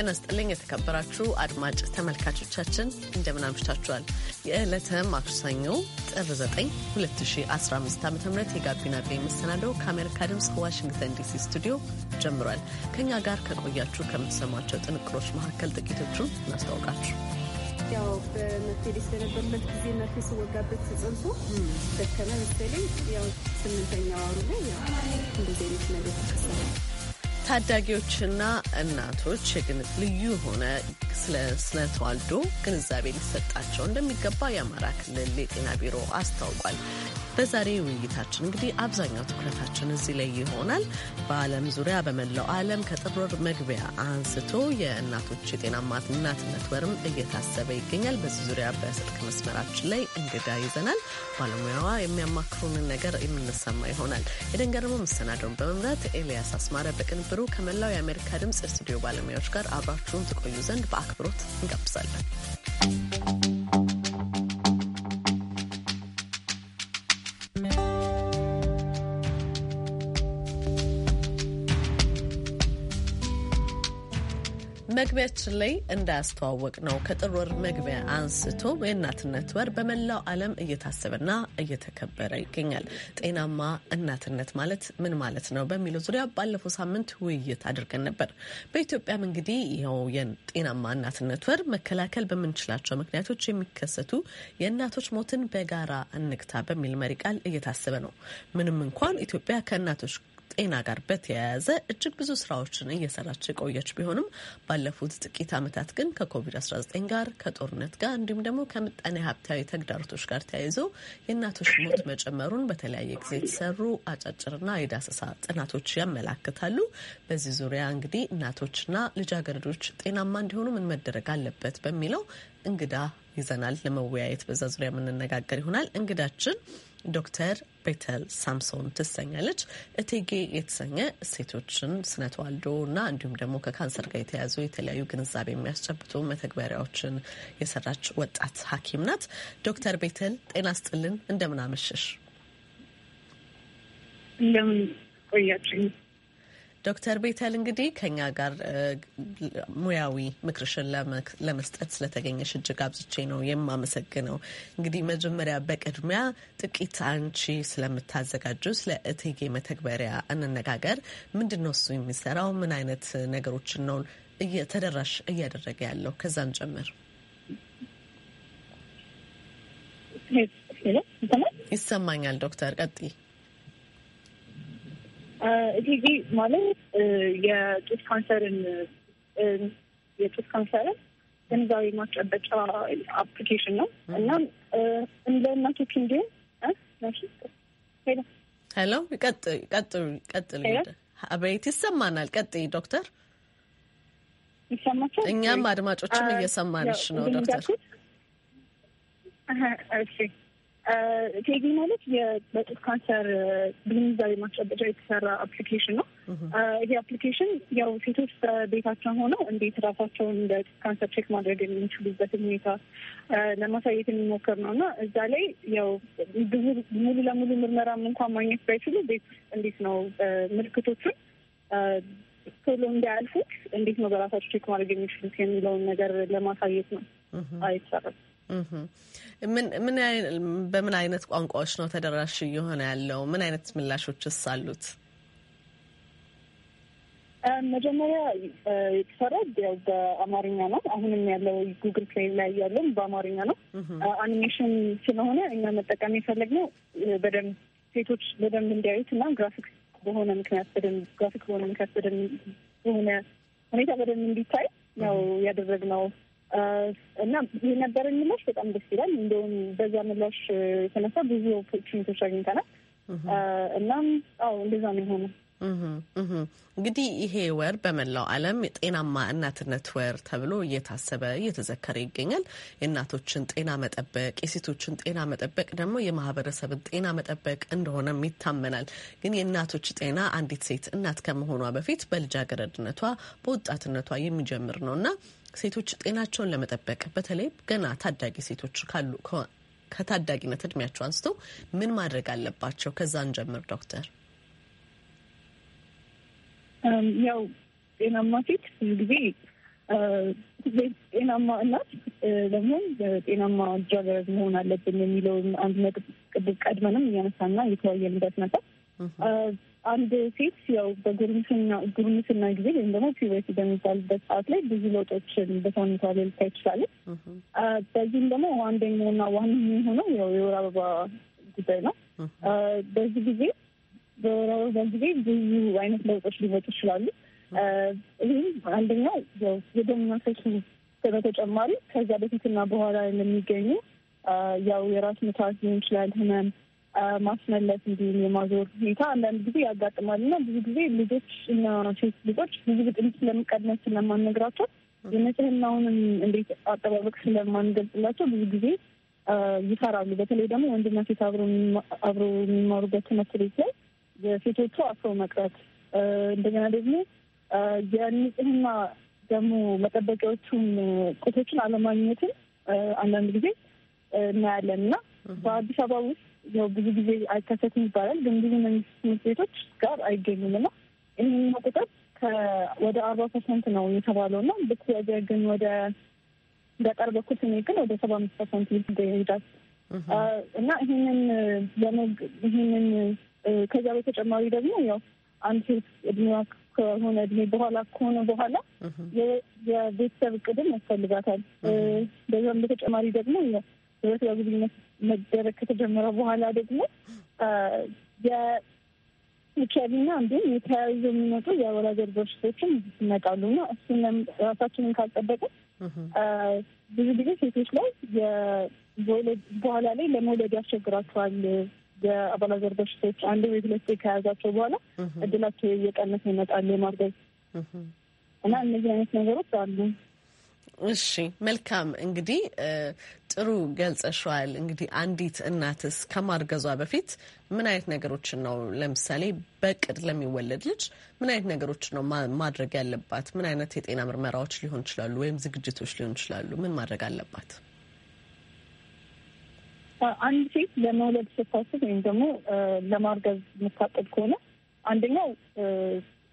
ጤና ስጥልኝ የተከበራችሁ አድማጭ ተመልካቾቻችን እንደምን አምሽታችኋል። የዕለተ ማክሰኞ ጥር 9 2015 ዓ ም የጋቢና ቤ መሰናደው ከአሜሪካ ድምፅ ዋሽንግተን ዲሲ ስቱዲዮ ጀምሯል። ከእኛ ጋር ከቆያችሁ ከምትሰሟቸው ጥንቅሮች መካከል ጥቂቶቹን እናስታውቃችሁ። ያው በመርፌዴስ በነበርበት ጊዜ መርፌ ስወጋበት ጽንሱ ደከመ መሰለኝ። ያው ስምንተኛ ዋሩ ላይ እንደዚህ አይነት ነገር ተከሰለ። ታዳጊዎችና እናቶች ልዩ የሆነ ስለ ስነ ተዋልዶ ግንዛቤ ሊሰጣቸው እንደሚገባ የአማራ ክልል የጤና ቢሮ አስታውቋል። በዛሬ ውይይታችን እንግዲህ አብዛኛው ትኩረታችን እዚህ ላይ ይሆናል። በዓለም ዙሪያ በመላው ዓለም ከጥር ወር መግቢያ አንስቶ የእናቶች የጤናማ እናትነት ወርም እየታሰበ ይገኛል። በዚህ ዙሪያ በስልክ መስመራችን ላይ እንግዳ ይዘናል። ባለሙያዋ የሚያማክሩንን ነገር የምንሰማ ይሆናል። የደን ገርሞ መሰናደውን በመምራት ኤልያስ አስማረ በቅንብሩ ከመላው የአሜሪካ ድምፅ የስቱዲዮ ባለሙያዎች ጋር አብራችሁን ትቆዩ ዘንድ በአክብሮት እንጋብዛለን። መግቢያችን ላይ እንዳያስተዋወቅ ነው ከጥር ወር መግቢያ አንስቶ የእናትነት ወር በመላው ዓለም እየታሰበና እየተከበረ ይገኛል። ጤናማ እናትነት ማለት ምን ማለት ነው በሚለው ዙሪያ ባለፈው ሳምንት ውይይት አድርገን ነበር። በኢትዮጵያም እንግዲህ ይኸው የጤናማ እናትነት ወር መከላከል በምንችላቸው ምክንያቶች የሚከሰቱ የእናቶች ሞትን በጋራ እንግታ በሚል መሪ ቃል እየታሰበ ነው። ምንም እንኳን ኢትዮጵያ ከእናቶች ጤና ጋር በተያያዘ እጅግ ብዙ ስራዎችን እየሰራች የቆየች ቢሆንም ባለፉት ጥቂት ዓመታት ግን ከኮቪድ-19 ጋር ከጦርነት ጋር እንዲሁም ደግሞ ከምጣኔ ሀብታዊ ተግዳሮቶች ጋር ተያይዞ የእናቶች ሞት መጨመሩን በተለያየ ጊዜ የተሰሩ አጫጭርና የዳሰሳ ጥናቶች ያመላክታሉ። በዚህ ዙሪያ እንግዲህ እናቶችና ልጃገረዶች ጤናማ እንዲሆኑ ምን መደረግ አለበት በሚለው እንግዳ ይዘናል ለመወያየት በዛ ዙሪያ የምንነጋገር ይሆናል። እንግዳችን ዶክተር ቤተል ሳምሶን ትሰኛለች። እቴጌ የተሰኘ ሴቶችን ስነ እና እንዲሁም ደግሞ ከካንሰር ጋር የተያዙ የተለያዩ ግንዛቤ የሚያስጨብጡ መተግበሪያዎችን የሰራች ወጣት ሐኪም ናት። ዶክተር ቤተል ጤና ስጥልን፣ እንደምን አመሸሽ? እንደምን ቆያችሁ? ዶክተር ቤተል እንግዲህ ከኛ ጋር ሙያዊ ምክርሽን ለመስጠት ስለተገኘሽ እጅግ አብዝቼ ነው የማመሰግነው። እንግዲህ መጀመሪያ በቅድሚያ ጥቂት አንቺ ስለምታዘጋጁ ስለ እቴጌ መተግበሪያ እንነጋገር። ምንድን ነው እሱ የሚሰራው? ምን አይነት ነገሮችን ነው ተደራሽ እያደረገ ያለው? ከዛን ጀምር ይሰማኛል ዶክተር ቀጥይ እቴጌ ማለት የጡት ካንሰርን የጡት ካንሰርን ግንዛቤ ማስጨበጫ አፕሊኬሽን ነው እና እንደ እናቶች እንዲሁም ሄሎ፣ ቀጥል አቤት፣ ይሰማናል። ቀጥይ ዶክተር። ይሰማቸው እኛም አድማጮችም እየሰማንሽ ነው ዶክተር። እሺ ቴቪ ማለት የበጡት ካንሰር ግንዛቤ ማስጨበጫ የተሰራ አፕሊኬሽን ነው። ይሄ አፕሊኬሽን ያው ሴቶች በቤታቸው ሆነው እንዴት ራሳቸውን እንደ ካንሰር ቼክ ማድረግ የሚችሉበትን ሁኔታ ለማሳየት የሚሞክር ነው እና እዛ ላይ ያው ብዙ ሙሉ ለሙሉ ምርመራም እንኳን ማግኘት ባይችሉ ቤት ውስጥ እንዴት ነው ምልክቶቹን ቶሎ እንዳያልፉት እንዴት ነው በራሳቸው ቼክ ማድረግ የሚችሉት የሚለውን ነገር ለማሳየት ነው አይሰራም። ምን በምን አይነት ቋንቋዎች ነው ተደራሽ እየሆነ ያለው? ምን አይነት ምላሾችስ አሉት? መጀመሪያ የተሰራው ያው በአማርኛ ነው። አሁንም ያለው ጉግል ፕሌይ ላይ ያለው በአማርኛ ነው። አኒሜሽን ስለሆነ እኛ መጠቀም የፈለግነው በደንብ ሴቶች በደንብ እንዲያዩት እና ግራፊክ በሆነ ምክንያት በደንብ ግራፊክ በሆነ ምክንያት በደንብ በሆነ ሁኔታ በደንብ እንዲታይ ነው ያደረግነው እና የነበረን ምላሽ በጣም ደስ ይላል። እንደውም በዛ ምላሽ የተነሳ ብዙ ኦፖርቹኒቲዎች አግኝተናል። እናም አዎ እንደዛ ነው የሆነው። እንግዲህ ይሄ ወር በመላው ዓለም ጤናማ እናትነት ወር ተብሎ እየታሰበ እየተዘከረ ይገኛል። የእናቶችን ጤና መጠበቅ፣ የሴቶችን ጤና መጠበቅ ደግሞ የማህበረሰብን ጤና መጠበቅ እንደሆነም ይታመናል። ግን የእናቶች ጤና አንዲት ሴት እናት ከመሆኗ በፊት በልጃገረድነቷ በወጣትነቷ የሚጀምር ነው እና ሴቶች ጤናቸውን ለመጠበቅ በተለይ ገና ታዳጊ ሴቶች ካሉ ከታዳጊነት እድሜያቸው አንስቶ ምን ማድረግ አለባቸው? ከዛ ጀምር ዶክተር። ያው ጤናማ ሴት ብዙ ጊዜ ጤናማ እናት ደግሞ ጤናማ ልጃገረድ መሆን አለብን የሚለውን አንድ ነጥብ ቅድም ቀድመንም እያነሳና እየተወያየንበት ነበር። አንድ ሴት ያው በጉርምስና ጊዜ ወይም ደግሞ ፒውበርቲ በሚባልበት ሰዓት ላይ ብዙ ለውጦችን በሰውነቷ ላይ ልታይ ትችላለች። በዚህም ደግሞ አንደኛውና ዋነኛው የሆነው ያው የወር አበባ ጉዳይ ነው። በዚህ ጊዜ በወር አበባ ጊዜ ብዙ አይነት ለውጦች ሊመጡ ይችላሉ። ይህም አንደኛው ያው የደም መፍሰሱ በተጨማሪ ከዚያ በፊትና በኋላ የሚገኙ ያው የራስ ምታት ሊሆን ይችላል ህመም ማስመለስ እንዲሁም የማዞር ሁኔታ አንዳንድ ጊዜ ያጋጥማል እና ብዙ ጊዜ ልጆች እና ሴት ልጆች ብዙ ግጥም ስለምቀድመን ስለማንነግራቸው የንጽህናውንም እንዴት አጠባበቅ ስለማንገልጽላቸው ብዙ ጊዜ ይፈራሉ። በተለይ ደግሞ ወንድና ሴት አብሮ የሚማሩበት ትምህርት ቤት ላይ የሴቶቹ አፍሮ መቅረት እንደገና ደግሞ የንጽህና ደግሞ መጠበቂያዎቹም ቁቶችን አለማግኘትን አንዳንድ ጊዜ እናያለን እና በአዲስ አበባ ውስጥ ያው ብዙ ጊዜ አይከሰትም ይባላል፣ ግን ብዙ መንግስት ትምህርት ቤቶች ጋር አይገኙም እና ይህኛው ቁጥር ወደ አርባ ፐርሰንት ነው የተባለው እና ግን ወደ ገጠር በኩል ስሜ ግን ወደ ሰባ አምስት ፐርሰንት ይሄዳል እና ይህንን ለመግ ይህንን ከዚያ በተጨማሪ ደግሞ ያው አንድ ሴት እድሜዋ ከሆነ እድሜ በኋላ ከሆነ በኋላ የቤተሰብ እቅድም ያስፈልጋታል። በዚም በተጨማሪ ደግሞ ያው የወሲባዊ ግንኙነት መደረግ ከተጀመረ በኋላ ደግሞ የኤችአይቪና እንዲሁም የተያያዙ የሚመጡ የወላጀር አልባ ይመጣሉ እና እሱንም ራሳችንን ካልጠበቅን ብዙ ጊዜ ሴቶች ላይ በኋላ ላይ ለመውለድ ያስቸግራቸዋል። የአባላዘር በሽቶች አንድ ቤት ለስ ከያዛቸው በኋላ እድላቸው እየቀነሰ ይመጣል የማርገዝ እና እነዚህ አይነት ነገሮች አሉ። እሺ መልካም እንግዲህ ጥሩ ገልጸሸዋል። እንግዲህ አንዲት እናትስ ከማርገዟ በፊት ምን አይነት ነገሮችን ነው ለምሳሌ በቅድ ለሚወለድ ልጅ ምን አይነት ነገሮችን ነው ማድረግ ያለባት? ምን አይነት የጤና ምርመራዎች ሊሆን ይችላሉ ወይም ዝግጅቶች ሊሆን ይችላሉ? ምን ማድረግ አለባት? አንድ ሴት ለመውለድ ስታስብ ወይም ደግሞ ለማርገዝ የምታቀድ ከሆነ አንደኛው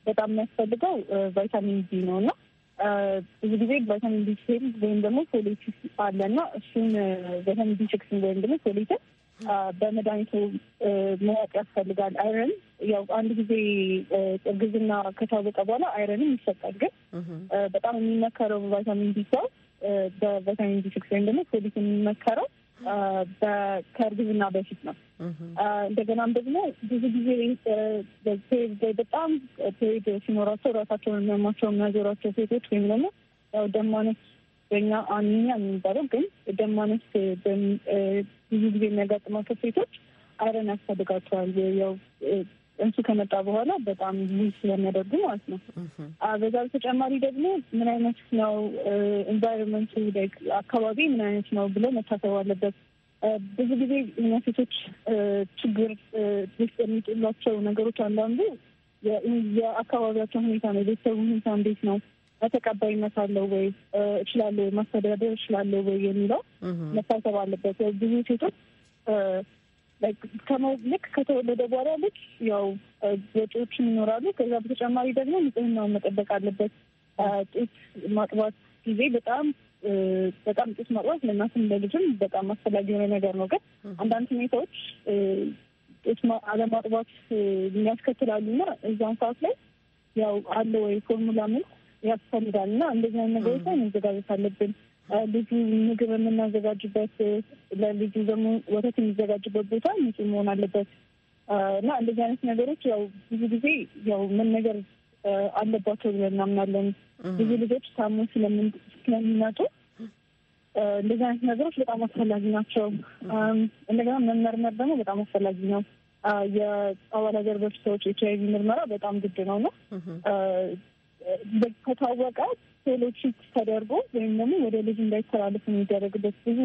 በጣም የሚያስፈልገው ቫይታሚን ዲ ነው እና ብዙ ጊዜ ቫይታሚን ዲ ሴል ወይም ደግሞ ፎሌት አለ እና እሱን ቫይታሚን ዲ ሲክስን ወይም ደግሞ ፎሌትን በመድኃኒቱ መዋቅ ያስፈልጋል። አይረን ያው አንድ ጊዜ እርግዝና ከታወቀ በኋላ አይረንም ይሰጣል። ግን በጣም የሚመከረው ቫይታሚን ዲ ሰው በቫይታሚን ዲ ሲክስ ወይም ደግሞ ፎሌት የሚመከረው ከእርግዝና በፊት ነው። እንደገናም ደግሞ ብዙ ጊዜ ፔሪድ ላይ በጣም ፔሪድ ሲኖራቸው እራሳቸውን የሚያማቸው የሚያዞራቸው ሴቶች ወይም ደግሞ ያው ደም በኛ አንኛ የሚባለው ግን ደም ብዙ ጊዜ የሚያጋጥማቸው ሴቶች አይረን ያስፈልጋቸዋል። ያው እሱ ከመጣ በኋላ በጣም ልጅ ስለሚያደርጉ ማለት ነው። በዛ በተጨማሪ ደግሞ ምን አይነት ነው ኤንቫይሮንመንቱ አካባቢ ምን አይነት ነው ብሎ መታሰብ አለበት። ብዙ ጊዜ እኛ ሴቶች ችግር ውስጥ የሚጥሏቸው ነገሮች አንዳንዱ የአካባቢያቸው ሁኔታ ነው። የቤተሰቡ ሁኔታ እንዴት ነው ተቀባይነት አለው ወይ እችላለሁ ማስተዳደር እችላለሁ ወይ የሚለው መታሰብ አለበት። ብዙ ሴቶች ልክ ከተወለደ በኋላ ልጅ ያው ወጪዎችም ይኖራሉ። ከዛ በተጨማሪ ደግሞ ንጽህናውን መጠበቅ አለበት። ጡት ማጥባት ጊዜ በጣም በጣም ጡት ማጥባት ለእናትም ለልጅም በጣም አስፈላጊ የሆነ ነገር ነው። ግን አንዳንድ ሁኔታዎች ጡት አለማጥባት የሚያስከትላሉ እና እዛን ሰዓት ላይ ያው አለ ወይ ፎርሙላ ምን ያስፈልጋል እና እንደዚህ ነገሮች ላይ መዘጋጀት አለብን። ልጁ ምግብ የምናዘጋጅበት ለልጁ ደግሞ ወተት የሚዘጋጅበት ቦታ ንጹህ መሆን አለበት እና እንደዚህ አይነት ነገሮች ያው ብዙ ጊዜ ያው ነገር አለባቸው ብለን እናምናለን። ብዙ ልጆች ታሞ ስለሚመጡ እንደዚህ አይነት ነገሮች በጣም አስፈላጊ ናቸው። እንደገና መመርመር ደግሞ በጣም አስፈላጊ ነው። የአባላዘር በሽታዎች ኤች አይቪ ምርመራ በጣም ግድ ነው ነው ከታወቀ ሴሎች ተደርጎ ወይም ደግሞ ወደ ልጅ እንዳይተላለፍ የሚደረግበት ብዙ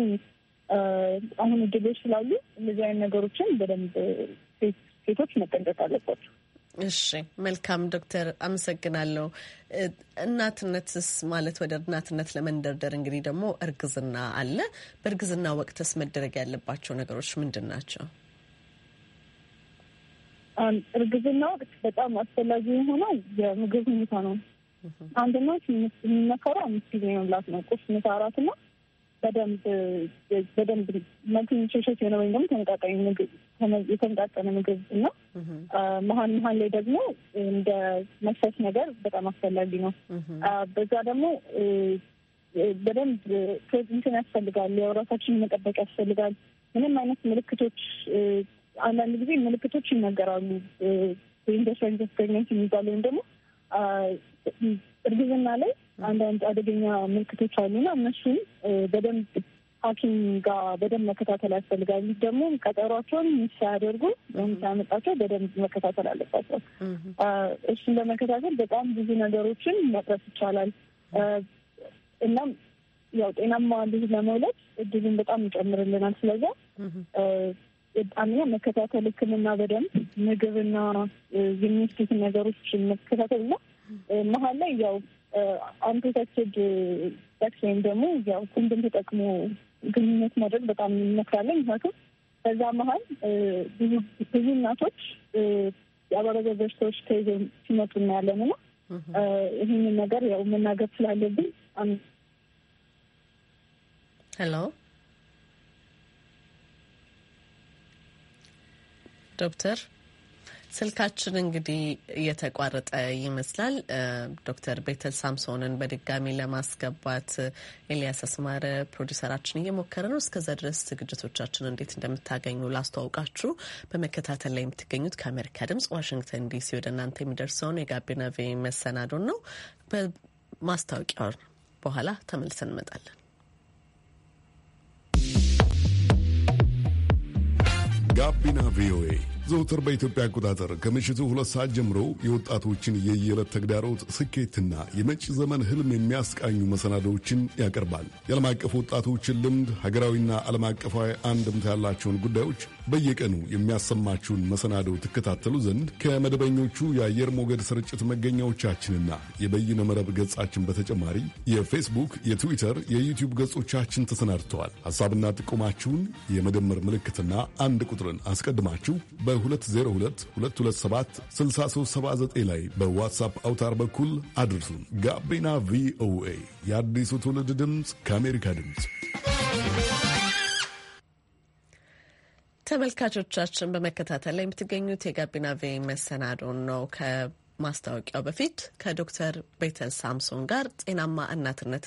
አሁን እድሎች ስላሉ እንደዚህ አይነት ነገሮችን በደንብ ሴቶች መጠንቀቅ አለባቸው። እሺ፣ መልካም ዶክተር አመሰግናለሁ። እናትነትስ ማለት ወደ እናትነት ለመንደርደር እንግዲህ ደግሞ እርግዝና አለ። በእርግዝና ወቅትስ መደረግ ያለባቸው ነገሮች ምንድን ናቸው? እርግዝና ወቅት በጣም አስፈላጊ የሆነው የምግብ ሁኔታ ነው። አንደኛ የሚመከረው አምስት ጊዜ መብላት ነው። ቁርስ፣ ምሳ፣ እራት እና በደንብ በደንብ መልቲኒትሪሽስ የሆነ ወይም ደግሞ ተመጣጣኝ ምግብ የተመጣጠነ ምግብ እና መሀል መሀል ላይ ደግሞ እንደ መክሰስ ነገር በጣም አስፈላጊ ነው። በዛ ደግሞ በደንብ እንትን ያስፈልጋል፣ የራሳችንን መጠበቅ ያስፈልጋል። ምንም አይነት ምልክቶች አንዳንድ ጊዜ ምልክቶች ይነገራሉ። ኢንደስትሪ ፕሬግነንት የሚባል ወይም ደግሞ እርግዝና ላይ አንዳንድ አደገኛ ምልክቶች አሉና እነሱም በደንብ ሐኪም ጋር በደንብ መከታተል ያስፈልጋል። ደግሞ ቀጠሯቸውን ሲያደርጉ ወይም ሲያመጣቸው በደንብ መከታተል አለባቸው። እሱን ለመከታተል በጣም ብዙ ነገሮችን መቅረፍ ይቻላል። እናም ያው ጤናማ ልጅ ለመውለድ እድሉን በጣም ይጨምርልናል። ስለዛ አንደኛ መከታተል ሕክምና በደንብ ምግብና የሚወስዱትን ነገሮች መከታተል እና መሀል ላይ ያው አንፕሮቴክትድ ሴክስ ወይም ደግሞ ያው ኮንዶም ተጠቅሞ ግንኙነት ማድረግ በጣም እንመክራለን። ምክንያቱም በዛ መሀል ብዙ ብዙ እናቶች የአባላዘ በሽታዎች ተይዘው ሲመጡ እናያለን እና ይህንን ነገር ያው መናገር ስላለብን ሄሎ ዶክተር ስልካችን እንግዲህ እየተቋረጠ ይመስላል። ዶክተር ቤተል ሳምሶንን በድጋሚ ለማስገባት ኤልያስ አስማረ ፕሮዲሰራችን እየሞከረ ነው። እስከዛ ድረስ ዝግጅቶቻችን እንዴት እንደምታገኙ ላስተዋውቃችሁ። በመከታተል ላይ የምትገኙት ከአሜሪካ ድምጽ ዋሽንግተን ዲሲ ወደ እናንተ የሚደርሰውን የጋቢና ቪ መሰናዶን ነው። በማስታወቂያ በኋላ ተመልሰን እንመጣለን። ጋቢና ቪኦኤ ዘውትር በኢትዮጵያ አቆጣጠር ከምሽቱ ሁለት ሰዓት ጀምሮ የወጣቶችን የየዕለት ተግዳሮት ስኬትና የመጪ ዘመን ህልም የሚያስቃኙ መሰናዶዎችን ያቀርባል። የዓለም አቀፍ ወጣቶችን ልምድ፣ ሀገራዊና ዓለም አቀፋዊ አንድምታ ያላቸውን ጉዳዮች በየቀኑ የሚያሰማችሁን መሰናዶው ትከታተሉ ዘንድ ከመደበኞቹ የአየር ሞገድ ስርጭት መገኛዎቻችንና የበይነ መረብ ገጻችን በተጨማሪ የፌስቡክ፣ የትዊተር፣ የዩቲዩብ ገጾቻችን ተሰናድተዋል። ሐሳብና ጥቆማችሁን የመደመር ምልክትና አንድ ቁጥርን አስቀድማችሁ በ202227 6379 ላይ በዋትሳፕ አውታር በኩል አድርሱን። ጋቢና ቪኦኤ የአዲሱ ትውልድ ድምፅ ከአሜሪካ ድምፅ ተመልካቾቻችን በመከታተል ላይ የምትገኙት የጋቢና ቬ መሰናዶን ነው። ከማስታወቂያው በፊት ከዶክተር ቤተን ሳምሶን ጋር ጤናማ እናትነት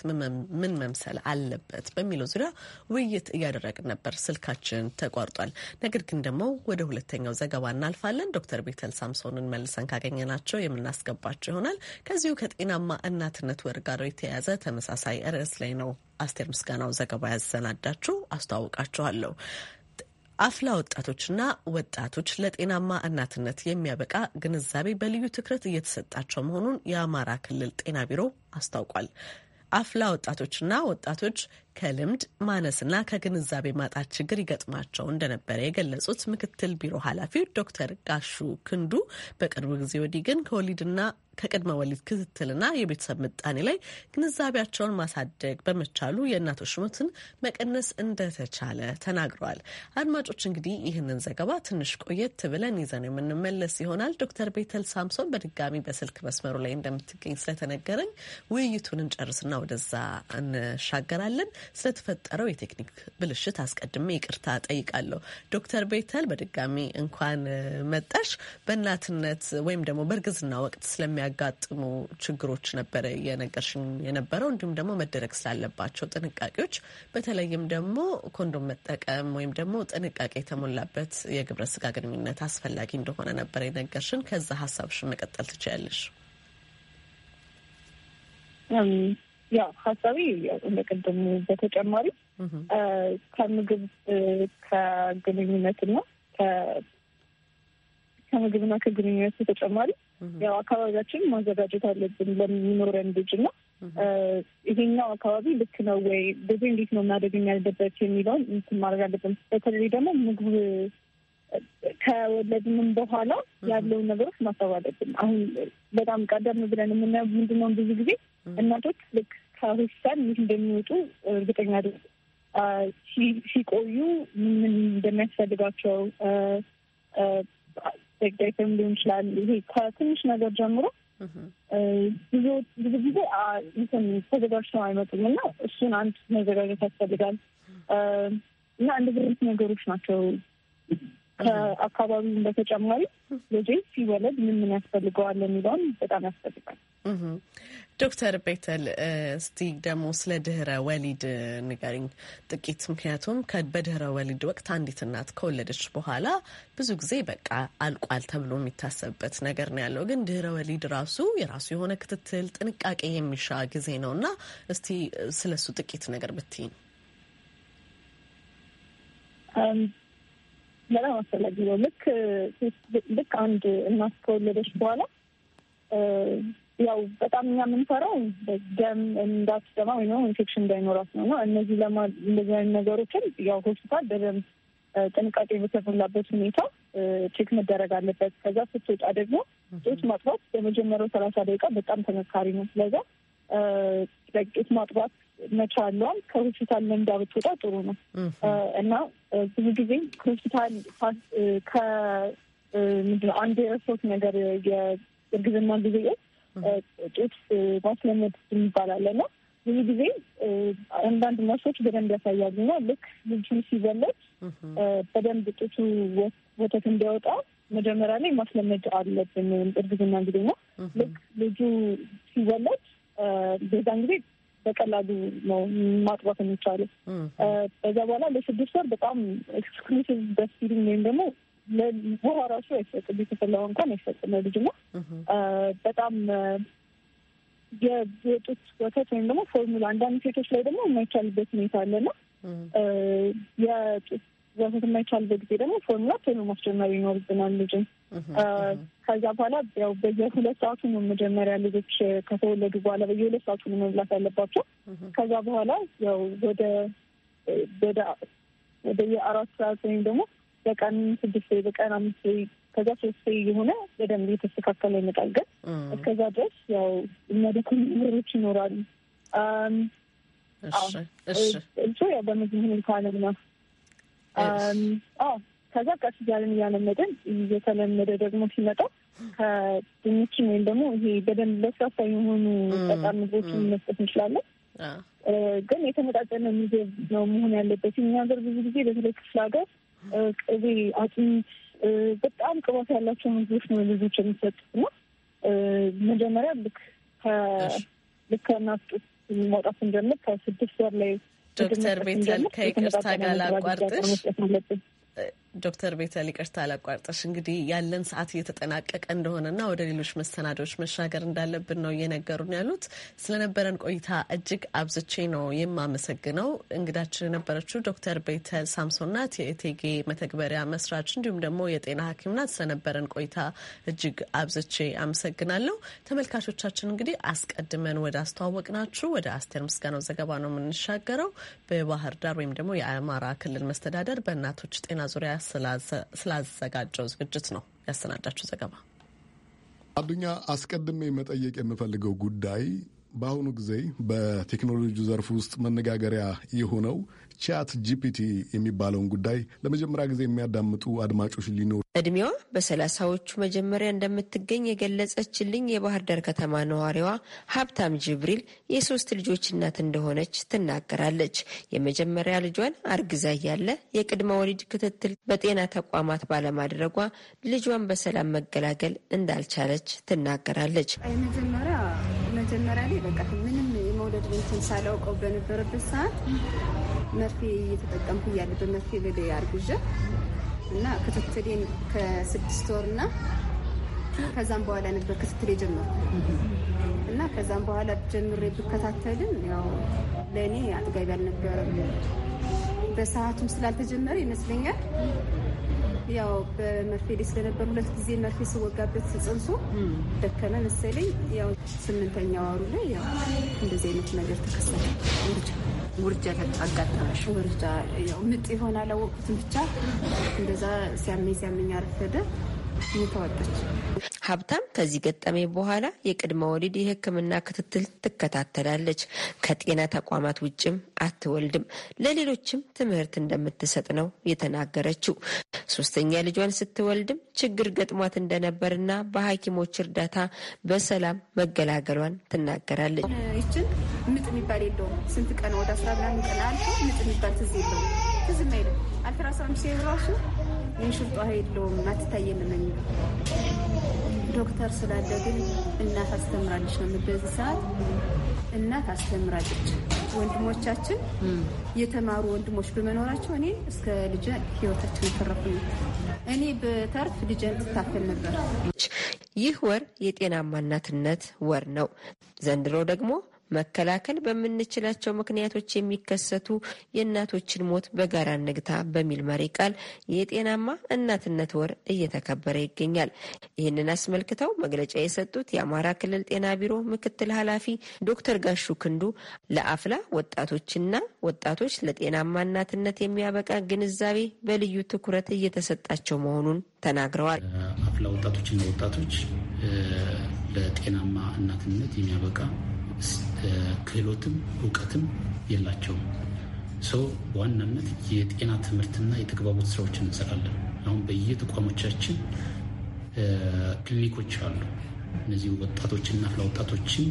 ምን መምሰል አለበት በሚለው ዙሪያ ውይይት እያደረግን ነበር። ስልካችን ተቋርጧል። ነገር ግን ደግሞ ወደ ሁለተኛው ዘገባ እናልፋለን። ዶክተር ቤተን ሳምሶንን መልሰን ካገኘናቸው የምናስገባቸው ይሆናል። ከዚሁ ከጤናማ እናትነት ወር ጋር የተያያዘ ተመሳሳይ ርዕስ ላይ ነው አስቴር ምስጋናው ዘገባ ያሰናዳችሁ አስተዋውቃችኋለሁ። አፍላ ወጣቶችና ወጣቶች ለጤናማ እናትነት የሚያበቃ ግንዛቤ በልዩ ትኩረት እየተሰጣቸው መሆኑን የአማራ ክልል ጤና ቢሮ አስታውቋል። አፍላ ወጣቶችና ወጣቶች ከልምድ ማነስና ከግንዛቤ ማጣት ችግር ይገጥማቸው እንደነበረ የገለጹት ምክትል ቢሮ ኃላፊው ዶክተር ጋሹ ክንዱ በቅርብ ጊዜ ወዲህ ግን ከወሊድና ከቅድመ ወሊድ ክትትልና የቤተሰብ ምጣኔ ላይ ግንዛቤያቸውን ማሳደግ በመቻሉ የእናቶች ሞትን መቀነስ እንደተቻለ ተናግረዋል። አድማጮች እንግዲህ ይህንን ዘገባ ትንሽ ቆየት ብለን ይዘን የምንመለስ ይሆናል። ዶክተር ቤተል ሳምሶን በድጋሚ በስልክ መስመሩ ላይ እንደምትገኝ ስለተነገረኝ ውይይቱን እንጨርስና ወደዛ እንሻገራለን። ስለተፈጠረው የቴክኒክ ብልሽት አስቀድሜ ይቅርታ ጠይቃለሁ። ዶክተር ቤተል በድጋሚ እንኳን መጣሽ። በእናትነት ወይም ደግሞ በእርግዝና ወቅት ስለሚያጋጥሙ ችግሮች ነበረ የነገርሽን የነበረው እንዲሁም ደግሞ መደረግ ስላለባቸው ጥንቃቄዎች፣ በተለይም ደግሞ ኮንዶም መጠቀም ወይም ደግሞ ጥንቃቄ የተሞላበት የግብረ ስጋ ግንኙነት አስፈላጊ እንደሆነ ነበረ የነገርሽን። ከዛ ሀሳብሽን መቀጠል ትችላለሽ። ያው ሀሳቤ እንደ ቅድም በተጨማሪ ከምግብ ከግንኙነትና ከምግብና ከግንኙነት በተጨማሪ ያው አካባቢያችን ማዘጋጀት አለብን ለሚኖረን ልጅና ይሄኛው አካባቢ ልክ ነው ወይ ብዙ እንዴት ነው ማደግ የሚያለበት የሚለውን እንትን ማድረግ አለብን። በተለይ ደግሞ ምግብ ከወለድንም በኋላ ያለውን ነገሮች ማሰብ አለብን። አሁን በጣም ቀደም ብለን የምናየው ምንድነው ብዙ ጊዜ እናቶች ልክ ከስራ ሆስፒታል እንደሚወጡ እርግጠኛ ሲቆዩ ምን እንደሚያስፈልጋቸው ዳይፐርም ሊሆን ይችላል። ይሄ ከትንሽ ነገር ጀምሮ ብዙ ብዙ ጊዜ ተዘጋጅተው አይመጡም እና እሱን አንድ መዘጋጀት ያስፈልጋል እና እንደዚህ አይነት ነገሮች ናቸው ከአካባቢውም በተጨማሪ ልጄ ሲወለድ ምን ምን ያስፈልገዋል የሚለውን በጣም ያስፈልጋል። ዶክተር ቤተል እስቲ ደግሞ ስለ ድህረ ወሊድ ንገሪኝ ጥቂት። ምክንያቱም በድህረ ወሊድ ወቅት አንዲት እናት ከወለደች በኋላ ብዙ ጊዜ በቃ አልቋል ተብሎ የሚታሰብበት ነገር ነው ያለው። ግን ድህረ ወሊድ ራሱ የራሱ የሆነ ክትትል፣ ጥንቃቄ የሚሻ ጊዜ ነው እና እስቲ ስለሱ ጥቂት ነገር ብትይኝ። በጣም አስፈላጊ ነው። ልክ ልክ አንድ እናት ከወለደች በኋላ ያው በጣም እኛ የምንፈራው ደም እንዳትሰማ ወይ ነው ኢንፌክሽን እንዳይኖራት ነው እና እነዚህ ለማ እንደዚህ አይነት ነገሮችን ያው ሆስፒታል በደንብ ጥንቃቄ በተሞላበት ሁኔታ ቼክ መደረግ አለበት። ከዛ ስትወጣ ደግሞ ጡት ማጥባት በመጀመሪያው ሰላሳ ደቂቃ በጣም ተመካሪ ነው። ስለዛ ጡት ማጥባት መቻሏል ከሆስፒታል ለምዳ ብትወጣ ጥሩ ነው እና ብዙ ጊዜ ከሆስፒታል ከምንድነው አንድ የረሳሁት ነገር የእርግዝና ጊዜ ጡት ማስለመድ የሚባል ና ብዙ ጊዜ አንዳንድ ነርሶች በደንብ ያሳያሉ ና ልክ ልጁን ሲዘለጅ በደንብ ጡቱ ወተት እንዲያወጣ መጀመሪያ ላይ ማስለመድ አለብን እርግዝና ጊዜ ነው ልክ ልጁ ሲዘለጅ በዛን ጊዜ በቀላሉ ነው ማጥባት የሚቻለው። በዛ በኋላ ለስድስት ወር በጣም ኤክስክሉሲቭ ደስ ፊሊንግ ወይም ደግሞ ውሃ ራሱ አይሰጥም፣ የተፈላው እንኳን አይሰጥም ነው በጣም የጡት ወተት ወይም ደግሞ ፎርሙላ አንዳንድ ሴቶች ላይ ደግሞ የማይቻልበት ሁኔታ አለና የጡት ወተት የማይቻልበት ጊዜ ደግሞ ፎርሙላ ቶሎ ማስጀመር ይኖርብናል ልጅን ከዛ በኋላ ያው በየሁለት ሰዓቱ ነው መጀመሪያ ልጆች ከተወለዱ በኋላ በየሁለት ሰዓቱ ነው መብላት ያለባቸው። ከዛ በኋላ ያው ወደ ወደ ወደ የአራት ሰዓት ወይም ደግሞ በቀን ስድስት ወይ በቀን አምስት ወይ ከዛ ሶስት የሆነ በደንብ የተስተካከለ ይመጣል። ግን እስከዛ ድረስ ያው የሚያደክሙ ምሮች ይኖራሉ። እሱ ያው በምዝምህል ሁኔታ ነው። ከዛ ቀስ እያለን እያለመደን እየተለመደ ደግሞ ሲመጣ ከድንችን ወይም ደግሞ ይሄ በደንብ ለስላሳ የሆኑ ጠጣር ምግቦችን መስጠት እንችላለን። ግን የተመጣጠነ ምግብ ነው መሆን ያለበት። እኛ ሀገር ብዙ ጊዜ በተለይ ክፍለ ሀገር ቅቤ፣ አጥሚት፣ በጣም ቅባት ያላቸው ምግቦች ነው ልጆች የሚሰጡት እና መጀመሪያ ልክ ልክ ከእናት ጡት ማውጣት ስንጀምር ከስድስት ወር ላይ ዶክተር ቤተል ከይቅርታ ጋር ላቋርጥሽ ዶክተር ቤተል ይቅርታ አላቋርጠሽ። እንግዲህ ያለን ሰዓት እየተጠናቀቀ እንደሆነና ወደ ሌሎች መሰናዶዎች መሻገር እንዳለብን ነው እየነገሩን ያሉት። ስለነበረን ቆይታ እጅግ አብዝቼ ነው የማመሰግነው። እንግዳችን የነበረችው ዶክተር ቤተል ሳምሶን ናት፣ የኢቴጌ መተግበሪያ መስራች እንዲሁም ደግሞ የጤና ሐኪም ናት። ስለነበረን ቆይታ እጅግ አብዝቼ አመሰግናለሁ። ተመልካቾቻችን እንግዲህ አስቀድመን ወደ አስተዋወቅናችሁ ወደ አስቴር ምስጋናው ዘገባ ነው የምንሻገረው። በባህር ዳር ወይም ደግሞ የአማራ ክልል መስተዳደር በእናቶች ጤና ዙሪያ ስላዘጋጀው ዝግጅት ነው ያሰናዳችው ዘገባ። አዱኛ፣ አስቀድሜ መጠየቅ የምፈልገው ጉዳይ በአሁኑ ጊዜ በቴክኖሎጂ ዘርፍ ውስጥ መነጋገሪያ የሆነው ቻት ጂፒቲ የሚባለውን ጉዳይ ለመጀመሪያ ጊዜ የሚያዳምጡ አድማጮች ሊኖሩ እድሜዋ በሰላሳዎቹ መጀመሪያ እንደምትገኝ የገለጸችልኝ የባህር ዳር ከተማ ነዋሪዋ ሀብታም ጅብሪል የሶስት ልጆች እናት እንደሆነች ትናገራለች። የመጀመሪያ ልጇን አርግዛ ያለ የቅድመ ወሊድ ክትትል በጤና ተቋማት ባለማድረጓ ልጇን በሰላም መገላገል እንዳልቻለች ትናገራለች። መጀመሪያ ላይ በቃ ምንም የመውለድ እንትን ሳላውቀው በነበረበት ሰዓት መርፌ እየተጠቀምኩ እያለ በመርፌ በላይ አርግዣ እና ክትትሌን ከስድስት ወር እና ከዛም በኋላ ነበር ክትትል የጀመርኩ እና ከዛም በኋላ ጀምሬ ብከታተልም ያው ለእኔ አጥጋቢ አልነበረም። በሰዓቱም ስላልተጀመረ ይመስለኛል ያው በመርፌ ላይ ስለነበር ሁለት ጊዜ መርፌ ስወጋበት ጽንሱ ደከመ መሰለኝ። ያው ስምንተኛ ወሩ ላይ ያው እንደዚህ አይነት ነገር ተከሰተ። ውርጃ ውርጃ አጋጠመሽ? ውርጃ ያው ምጥ ይሆናል አላወቅኩትም። ብቻ እንደዛ ሲያመኝ ሲያመኝ አረፈደ። ሀብታም ከዚህ ገጠሜ በኋላ የቅድመ ወሊድ የሕክምና ክትትል ትከታተላለች። ከጤና ተቋማት ውጭም አትወልድም። ለሌሎችም ትምህርት እንደምትሰጥ ነው የተናገረችው። ሶስተኛ ልጇን ስትወልድም ችግር ገጥሟት እንደነበርና በሐኪሞች እርዳታ በሰላም መገላገሏን ትናገራለች። ይችን ምጥ የሚባል የለውም። ስንት ቀን ወደ አስራ ብላ ቀን አልፎ ምጥ የሚባል ትዝ የለውም። ትዝም አይልም። አልትራሳውንድ ሲሄድ ራሱ ይህን ሽርጧ የለውም አትታየንም ዶክተር ስላለ ግን እናት አስተምራለች ነው በዚህ ሰዓት እናት አስተምራለች። ወንድሞቻችን የተማሩ ወንድሞች በመኖራቸው እኔ እስከ ልጄ ህይወታችን ተረፉ። እኔ በተርፍ ልጄን ትታፈል ነበር። ይህ ወር የጤናማ እናትነት ወር ነው። ዘንድሮ ደግሞ መከላከል በምንችላቸው ምክንያቶች የሚከሰቱ የእናቶችን ሞት በጋራ ንግታ በሚል መሪ ቃል የጤናማ እናትነት ወር እየተከበረ ይገኛል። ይህንን አስመልክተው መግለጫ የሰጡት የአማራ ክልል ጤና ቢሮ ምክትል ኃላፊ ዶክተር ጋሹ ክንዱ ለአፍላ ወጣቶችና ወጣቶች ለጤናማ እናትነት የሚያበቃ ግንዛቤ በልዩ ትኩረት እየተሰጣቸው መሆኑን ተናግረዋል። አፍላ ወጣቶችና ወጣቶች ለጤናማ እናትነት የሚያበቃ ክህሎትም እውቀትም የላቸውም። ሰው በዋናነት የጤና ትምህርትና የተግባቦት ስራዎችን እንሰራለን። አሁን በየተቋሞቻችን ክሊኒኮች አሉ። እነዚህ ወጣቶችና ፍላ ወጣቶችን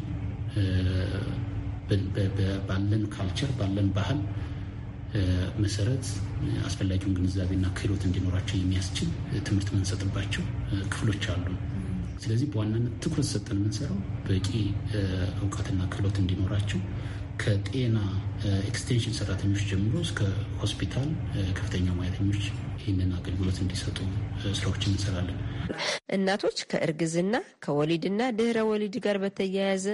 ባለን ካልቸር ባለን ባህል መሰረት አስፈላጊውን ግንዛቤና ክህሎት እንዲኖራቸው የሚያስችል ትምህርት የምንሰጥባቸው ክፍሎች አሉ። ስለዚህ በዋናነት ትኩረት ሰጠን የምንሰራው በቂ እውቀትና ክህሎት እንዲኖራቸው ከጤና ኤክስቴንሽን ሰራተኞች ጀምሮ እስከ ሆስፒታል ከፍተኛ ሙያተኞች ይህንን አገልግሎት እንዲሰጡ ስራዎችን እንሰራለን። እናቶች ከእርግዝና ከወሊድና ድህረ ወሊድ ጋር በተያያዘ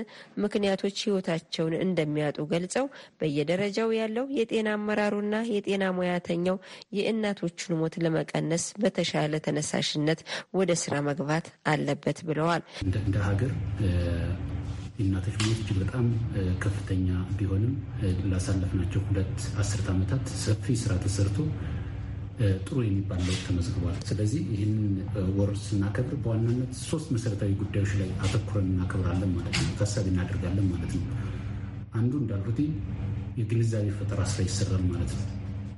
ምክንያቶች ህይወታቸውን እንደሚያጡ ገልጸው በየደረጃው ያለው የጤና አመራሩና የጤና ሙያተኛው የእናቶቹን ሞት ለመቀነስ በተሻለ ተነሳሽነት ወደ ስራ መግባት አለበት ብለዋል። እንደ ሀገር የእናቶች ሞት እጅግ በጣም ከፍተኛ ቢሆንም ላሳለፍናቸው ሁለት አስርት ዓመታት ሰፊ ስራ ተሰርቶ ጥሩ የሚባል ለውጥ ተመዝግቧል። ስለዚህ ይህንን ወር ስናከብር በዋናነት ሶስት መሰረታዊ ጉዳዮች ላይ አተኩረን እናከብራለን ማለት ነው፣ ታሳቢ እናደርጋለን ማለት ነው። አንዱ እንዳልኩት የግንዛቤ ፈጠራ ስራ ይሰራል ማለት ነው።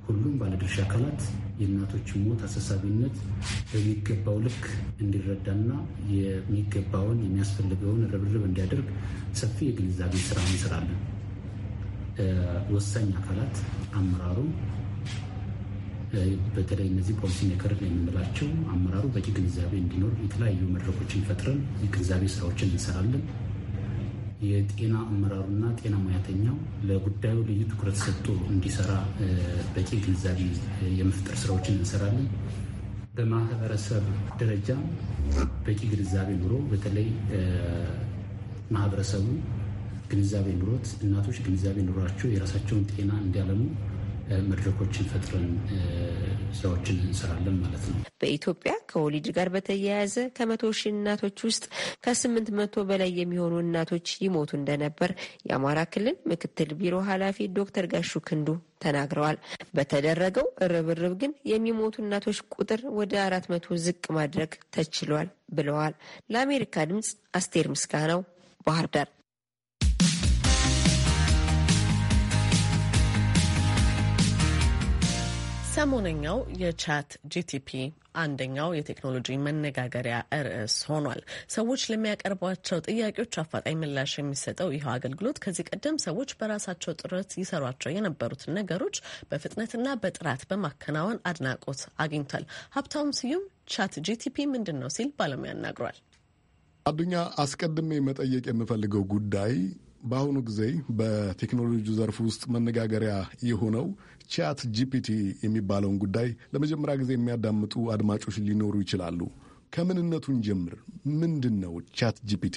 ሁሉም ባለድርሻ አካላት የእናቶችን ሞት አሳሳቢነት በሚገባው ልክ እንዲረዳና የሚገባውን የሚያስፈልገውን ርብርብ እንዲያደርግ ሰፊ የግንዛቤ ስራ እንሰራለን። ወሳኝ አካላት አመራሩ በተለይ እነዚህ ፖሊሲ ሜከር የምንላቸው አመራሩ በቂ ግንዛቤ እንዲኖር የተለያዩ መድረኮችን ፈጥረን የግንዛቤ ስራዎችን እንሰራለን። የጤና አመራሩና ጤና ሙያተኛው ለጉዳዩ ልዩ ትኩረት ሰጥቶ እንዲሰራ በቂ ግንዛቤ የመፍጠር ስራዎችን እንሰራለን። በማህበረሰብ ደረጃ በቂ ግንዛቤ ኑሮ በተለይ ማህበረሰቡ ግንዛቤ ኑሮት እናቶች ግንዛቤ ኑሯቸው የራሳቸውን ጤና እንዲያለሙ መድረኮችን ፈጥረን ስራዎችን እንሰራለን ማለት ነው። በኢትዮጵያ ከወሊድ ጋር በተያያዘ ከመቶ ሺህ እናቶች ውስጥ ከስምንት መቶ በላይ የሚሆኑ እናቶች ይሞቱ እንደነበር የአማራ ክልል ምክትል ቢሮ ኃላፊ ዶክተር ጋሹ ክንዱ ተናግረዋል። በተደረገው ርብርብ ግን የሚሞቱ እናቶች ቁጥር ወደ አራት መቶ ዝቅ ማድረግ ተችሏል ብለዋል። ለአሜሪካ ድምጽ አስቴር ምስጋናው ባህር ዳር ሰሞነኛው የቻት ጂቲፒ አንደኛው የቴክኖሎጂ መነጋገሪያ ርዕስ ሆኗል። ሰዎች ለሚያቀርቧቸው ጥያቄዎች አፋጣኝ ምላሽ የሚሰጠው ይኸው አገልግሎት ከዚህ ቀደም ሰዎች በራሳቸው ጥረት ይሰሯቸው የነበሩትን ነገሮች በፍጥነትና በጥራት በማከናወን አድናቆት አግኝቷል። ሀብታሙ ስዩም ቻት ጂቲፒ ምንድን ነው ሲል ባለሙያ ናግሯል አዱኛ፣ አስቀድሜ መጠየቅ የምፈልገው ጉዳይ በአሁኑ ጊዜ በቴክኖሎጂ ዘርፍ ውስጥ መነጋገሪያ የሆነው ቻት ጂፒቲ የሚባለውን ጉዳይ ለመጀመሪያ ጊዜ የሚያዳምጡ አድማጮች ሊኖሩ ይችላሉ። ከምንነቱን ጀምር፣ ምንድን ነው ቻት ጂፒቲ?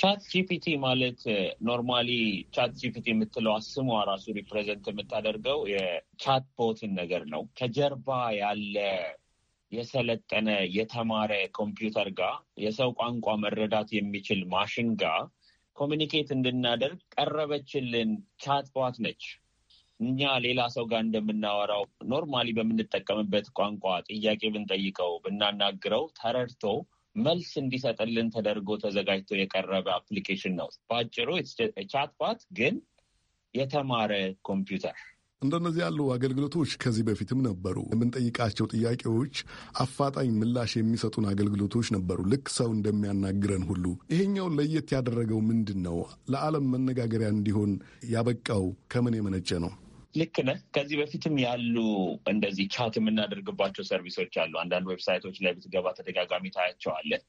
ቻት ጂፒቲ ማለት ኖርማሊ ቻት ጂፒቲ የምትለው ስሟ ራሱ ሪፕሬዘንት የምታደርገው የቻት ቦትን ነገር ነው። ከጀርባ ያለ የሰለጠነ የተማረ ኮምፒውተር ጋር የሰው ቋንቋ መረዳት የሚችል ማሽን ጋር ኮሚኒኬት እንድናደርግ ቀረበችልን ቻትቦት ነች። እኛ ሌላ ሰው ጋር እንደምናወራው ኖርማሊ በምንጠቀምበት ቋንቋ ጥያቄ ብንጠይቀው ብናናግረው ተረድቶ መልስ እንዲሰጥልን ተደርጎ ተዘጋጅቶ የቀረበ አፕሊኬሽን ነው። በአጭሩ ቻትቦት ግን የተማረ ኮምፒውተር እንደነዚህ ያሉ አገልግሎቶች ከዚህ በፊትም ነበሩ። የምንጠይቃቸው ጥያቄዎች አፋጣኝ ምላሽ የሚሰጡን አገልግሎቶች ነበሩ፣ ልክ ሰው እንደሚያናግረን ሁሉ። ይሄኛው ለየት ያደረገው ምንድን ነው? ለዓለም መነጋገሪያ እንዲሆን ያበቃው ከምን የመነጨ ነው? ልክ ነህ። ከዚህ በፊትም ያሉ እንደዚህ ቻት የምናደርግባቸው ሰርቪሶች አሉ። አንዳንድ ዌብሳይቶች ላይ ብትገባ ተደጋጋሚ ታያቸዋለህ።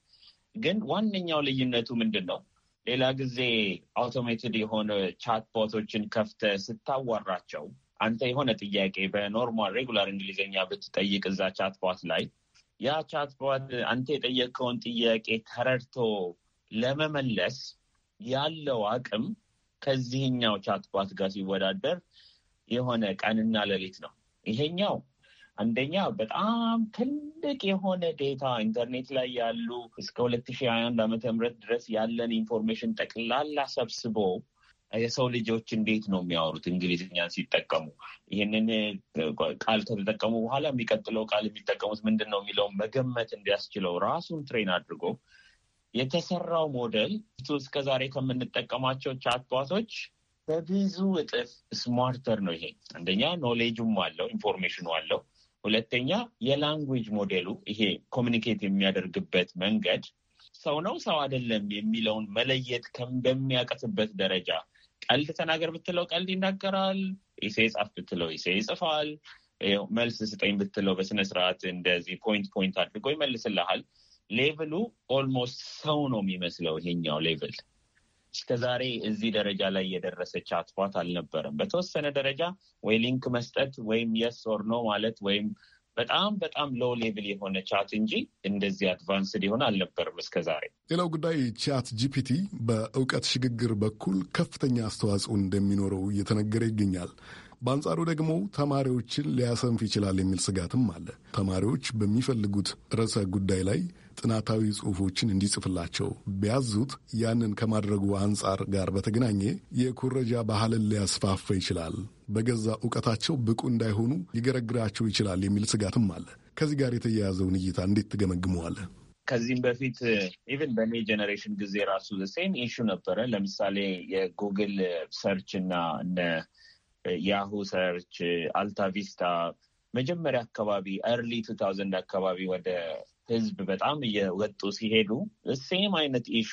ግን ዋነኛው ልዩነቱ ምንድን ነው? ሌላ ጊዜ አውቶሜትድ የሆነ ቻት ቦቶችን ከፍተህ ስታዋራቸው አንተ የሆነ ጥያቄ በኖርማል ሬጉላር እንግሊዝኛ ብትጠይቅ እዛ ቻትቦት ላይ ያ ቻትቦት አንተ የጠየቅከውን ጥያቄ ተረድቶ ለመመለስ ያለው አቅም ከዚህኛው ቻትቦት ጋር ሲወዳደር የሆነ ቀንና ሌሊት ነው። ይሄኛው አንደኛ በጣም ትልቅ የሆነ ዴታ ኢንተርኔት ላይ ያሉ እስከ 2021 ዓ ም ድረስ ያለን ኢንፎርሜሽን ጠቅላላ ሰብስቦ የሰው ልጆች እንዴት ነው የሚያወሩት እንግሊዝኛን ሲጠቀሙ? ይህንን ቃል ከተጠቀሙ በኋላ የሚቀጥለው ቃል የሚጠቀሙት ምንድን ነው የሚለውን መገመት እንዲያስችለው ራሱን ትሬን አድርጎ የተሰራው ሞዴል እስከዛሬ ከምንጠቀማቸው ቻትቧቶች በብዙ እጥፍ ስማርተር ነው። ይሄ አንደኛ ኖሌጁም አለው ኢንፎርሜሽኑ አለው። ሁለተኛ የላንጉጅ ሞዴሉ ይሄ ኮሚኒኬት የሚያደርግበት መንገድ ሰው ነው ሰው አይደለም የሚለውን መለየት በሚያቀስበት ደረጃ ቀልድ ተናገር ብትለው ቀልድ ይናገራል። ኢሴ ጻፍ ብትለው ኢሴ ይጽፋል። መልስ ስጠኝ ብትለው በስነስርዓት እንደዚህ ፖይንት ፖይንት አድርጎ ይመልስልሃል። ሌቭሉ ኦልሞስት ሰው ነው የሚመስለው። ይሄኛው ሌቭል እስከዛሬ እዚህ ደረጃ ላይ የደረሰች ቻትቦት አልነበረም። በተወሰነ ደረጃ ወይ ሊንክ መስጠት ወይም የስ ኦር ኖ ማለት ወይም በጣም በጣም ሎው ሌቭል የሆነ ቻት እንጂ እንደዚህ አድቫንስድ የሆነ አልነበርም ዛሬ። ሌላው ጉዳይ ቻት ጂፒቲ በእውቀት ሽግግር በኩል ከፍተኛ አስተዋጽኦ እንደሚኖረው እየተነገረ ይገኛል። በአንጻሩ ደግሞ ተማሪዎችን ሊያሰንፍ ይችላል የሚል ስጋትም አለ። ተማሪዎች በሚፈልጉት ርዕሰ ጉዳይ ላይ ጥናታዊ ጽሑፎችን እንዲጽፍላቸው ቢያዙት ያንን ከማድረጉ አንጻር ጋር በተገናኘ የኩረጃ ባህልን ሊያስፋፋ ይችላል፣ በገዛ እውቀታቸው ብቁ እንዳይሆኑ ሊገረግራቸው ይችላል የሚል ስጋትም አለ። ከዚህ ጋር የተያያዘውን እይታ እንዴት ትገመግመዋለህ? ከዚህም በፊት ኢቨን በእኔ ጀኔሬሽን ጊዜ ራሱ ሴም ኢሹ ነበረ። ለምሳሌ የጉግል ሰርች እና ያሁ ሰርች፣ አልታቪስታ መጀመሪያ አካባቢ ኤርሊ ቱ ታውዘንድ አካባቢ ወደ ህዝብ በጣም እየወጡ ሲሄዱ ሴም አይነት ኢሹ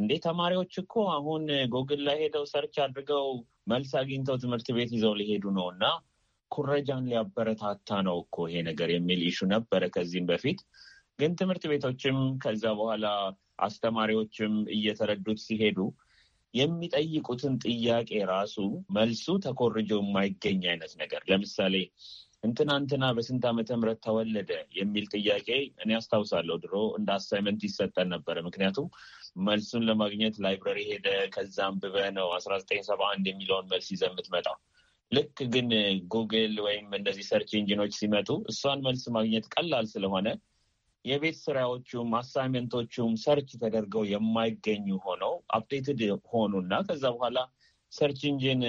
እንዴ ተማሪዎች እኮ አሁን ጎግል ላይ ሄደው ሰርች አድርገው መልስ አግኝተው ትምህርት ቤት ይዘው ሊሄዱ ነው እና ኩረጃን ሊያበረታታ ነው እኮ ይሄ ነገር የሚል ኢሹ ነበረ ከዚህም በፊት ግን ትምህርት ቤቶችም ከዛ በኋላ አስተማሪዎችም እየተረዱት ሲሄዱ የሚጠይቁትን ጥያቄ ራሱ መልሱ ተኮርጆ የማይገኝ አይነት ነገር ለምሳሌ እንትና እንትና በስንት ዓመተ ምህረት ተወለደ የሚል ጥያቄ እኔ አስታውሳለሁ ድሮ እንደ አሳይመንት ይሰጠን ነበረ። ምክንያቱም መልሱን ለማግኘት ላይብረሪ ሄደ ከዛም ብበ ነው አስራ ዘጠኝ ሰባ አንድ የሚለውን መልስ ይዘህ የምትመጣው። ልክ ግን ጉግል ወይም እንደዚህ ሰርች ኢንጂኖች ሲመጡ እሷን መልስ ማግኘት ቀላል ስለሆነ የቤት ስራዎቹም አሳይመንቶቹም ሰርች ተደርገው የማይገኙ ሆነው አፕዴትድ ሆኑና ከዛ በኋላ ሰርች ኢንጂን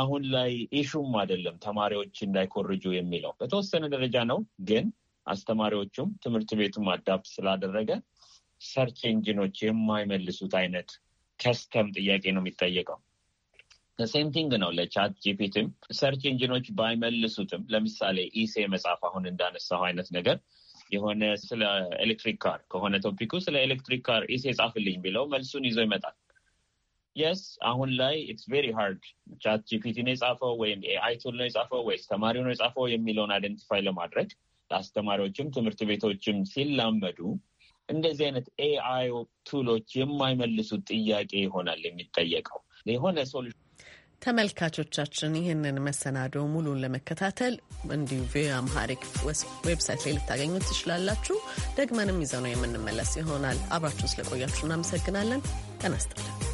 አሁን ላይ ኢሹም አይደለም ተማሪዎች እንዳይኮርጁ የሚለው በተወሰነ ደረጃ ነው። ግን አስተማሪዎቹም ትምህርት ቤቱም አዳፕት ስላደረገ ሰርች ኢንጂኖች የማይመልሱት አይነት ከስተም ጥያቄ ነው የሚጠየቀው። ሴም ቲንግ ነው ለቻት ጂፒቲም ሰርች ኢንጂኖች ባይመልሱትም፣ ለምሳሌ ኢሴ መጽሐፍ አሁን እንዳነሳው አይነት ነገር የሆነ ስለ ኤሌክትሪክ ካር ከሆነ ቶፒኩ ስለ ኤሌክትሪክ ካር ኢሴ ጻፍልኝ ቢለው መልሱን ይዞ ይመጣል። የስ አሁን ላይ ኢትስ ቬሪ ሃርድ ቻት ጂፒቲ ነው የጻፈው ወይም ኤአይ ቱል ነው የጻፈው ወይስ ተማሪው ነው የጻፈው የሚለውን አይደንቲፋይ ለማድረግ ለአስተማሪዎችም ትምህርት ቤቶችም ሲላመዱ እንደዚህ አይነት ኤአይ ቱሎች የማይመልሱት ጥያቄ ይሆናል የሚጠየቀው የሆነ ሶሉሽን ተመልካቾቻችን ይህንን መሰናዶ ሙሉን ለመከታተል እንዲሁ ቪ አምሃሪክ ዌብሳይት ላይ ልታገኙ ትችላላችሁ። ደግመንም ይዘነው የምንመለስ ይሆናል። አብራችሁ ስለቆያችሁ እናመሰግናለን። ጤና ይስጥልን።